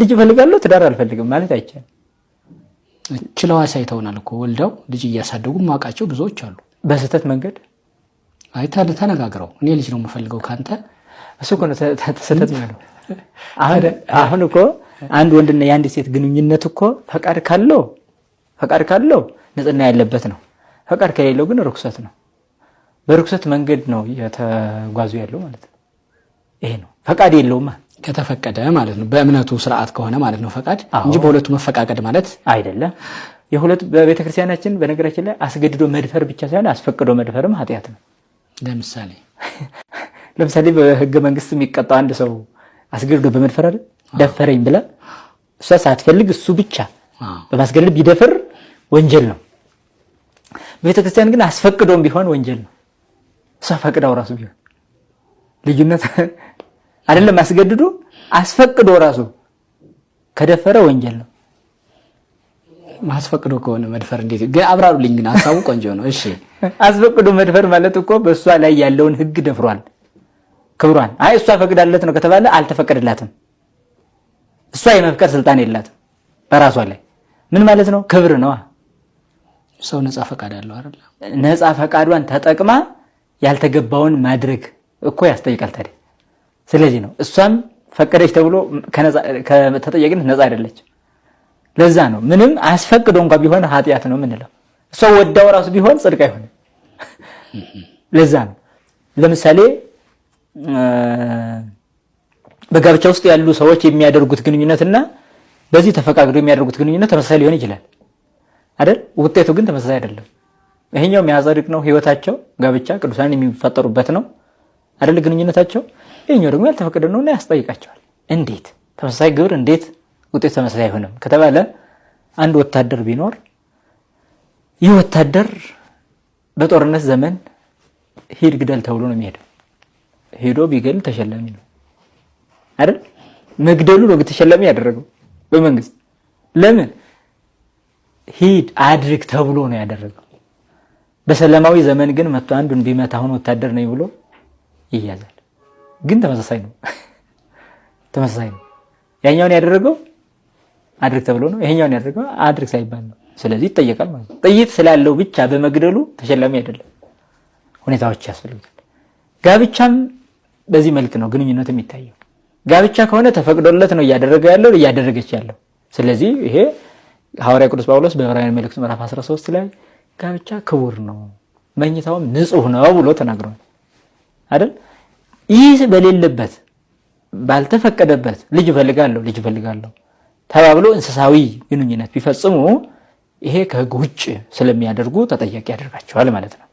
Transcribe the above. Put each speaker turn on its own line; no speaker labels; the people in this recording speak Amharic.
ልጅ እፈልጋለሁ ትዳር አልፈልግም ማለት አይቻልም።
ችለዋ ሳይተውናል እኮ ወልደው ልጅ እያሳደጉ ማውቃቸው ብዙዎች አሉ።
በስህተት መንገድ
አይ ተነጋግረው እኔ ልጅ ነው የምፈልገው ከአንተ
እሱ እኮ ነው ስህተት ነው። አሁን እኮ አንድ ወንድና የአንድ ሴት ግንኙነት እኮ ፈቃድ ካለው ፈቃድ ካለው ንጽህና ያለበት ነው። ፈቃድ ከሌለው ግን ርኩሰት ነው። በርኩሰት መንገድ ነው የተጓዙ ያለው ማለት ነው። ይሄ ነው ፈቃድ የለውማ
ከተፈቀደ ማለት ነው። በእምነቱ ስርዓት ከሆነ ማለት ነው ፈቃድ እንጂ በሁለቱ መፈቃቀድ ማለት
አይደለም። የሁለቱ በቤተክርስቲያናችን በነገራችን ላይ አስገድዶ መድፈር ብቻ ሳይሆን አስፈቅዶ መድፈርም ኃጢአት ነው።
ለምሳሌ
ለምሳሌ በህገ መንግስት የሚቀጣው አንድ ሰው አስገድዶ በመድፈር አይደል ደፈረኝ ብላ እሷ ሳትፈልግ እሱ ብቻ በማስገደድ ቢደፍር ወንጀል ነው። ቤተክርስቲያን ግን አስፈቅዶም ቢሆን ወንጀል ነው። እሷ ፈቅዳው ራሱ ቢሆን ልዩነት አይደለም አስገድዶ አስፈቅዶ ራሱ ከደፈረ ወንጀል ነው።
ማስፈቅዶ ከሆነ መድፈር እንዴት ግን አብራሩልኝ። ግን ሀሳቡ ቆንጆ ነው። እሺ
አስፈቅዶ መድፈር ማለት እኮ በእሷ ላይ ያለውን ህግ ደፍሯል፣ ክብሯን። አይ እሷ ፈቅዳለት ነው ከተባለ አልተፈቀደላትም። እሷ የመፍቀድ ስልጣን የላትም በራሷ ላይ። ምን ማለት ነው? ክብር ነዋ።
ሰው ነፃ ፈቃድ አለው አይደል?
ነፃ ፈቃዷን ተጠቅማ ያልተገባውን ማድረግ እኮ ያስጠይቃል ታዲያ ስለዚህ ነው እሷም ፈቀደች ተብሎ ከተጠያቂነት ነፃ አይደለች። ለዛ ነው ምንም አያስፈቅደው እንኳ ቢሆን ኃጢአት ነው የምንለው። እሷ ወዳው ራሱ ቢሆን ጽድቅ አይሆንም። ለዛ ነው ለምሳሌ በጋብቻ ውስጥ ያሉ ሰዎች የሚያደርጉት ግንኙነትና በዚህ ተፈቃቅዶ የሚያደርጉት ግንኙነት ተመሳሳይ ሊሆን ይችላል አይደል? ውጤቱ ግን ተመሳሳይ አይደለም። ይሄኛው የሚያጸድቅ ነው ህይወታቸው፣ ጋብቻ ቅዱሳን የሚፈጠሩበት ነው አይደል? ግንኙነታቸው ይህኛው ደግሞ ያልተፈቀደ ነውና ያስጠይቃቸዋል። እንዴት ተመሳሳይ ግብር እንዴት ውጤት ተመሳሳይ አይሆንም ከተባለ አንድ ወታደር ቢኖር ይህ ወታደር በጦርነት ዘመን ሂድ ግደል ተብሎ ነው የሚሄደው። ሄዶ ቢገል ተሸላሚ ነው አይደል? መግደሉ ነው ተሸላሚ ያደረገው በመንግስት። ለምን ሂድ አድርግ ተብሎ ነው ያደረገው። በሰላማዊ ዘመን ግን መቶ አንዱን ቢመታ አሁን ወታደር ነኝ ብሎ ይያዛል። ግን ተመሳሳይ ነው። ተመሳሳይ ነው። ያኛውን ያደረገው አድርግ ተብሎ ነው። ይሄኛውን ያደረገው አድርግ ሳይባል ነው። ስለዚህ ይጠየቃል ማለት ነው። ጥይት ስላለው ብቻ በመግደሉ ተሸላሚ አይደለም። ሁኔታዎች ያስፈልጉታል። ጋብቻም በዚህ መልክ ነው ግንኙነት የሚታየው። ጋብቻ ከሆነ ተፈቅዶለት ነው እያደረገ ያለው እያደረገች ያለው። ስለዚህ ይሄ ሐዋርያ ቅዱስ ጳውሎስ በዕብራውያን መልእክቱ ምዕራፍ 13 ላይ ጋብቻ ክቡር ነው፣ መኝታውም ንጹህ ነው ብሎ ተናግሯል አይደል? ይህ በሌለበት ባልተፈቀደበት ልጅ እፈልጋለሁ ልጅ እፈልጋለሁ ተባብሎ እንስሳዊ ግንኙነት ቢፈጽሙ ይሄ ከህግ ውጭ ስለሚያደርጉ ተጠያቂ ያደርጋቸዋል ማለት ነው።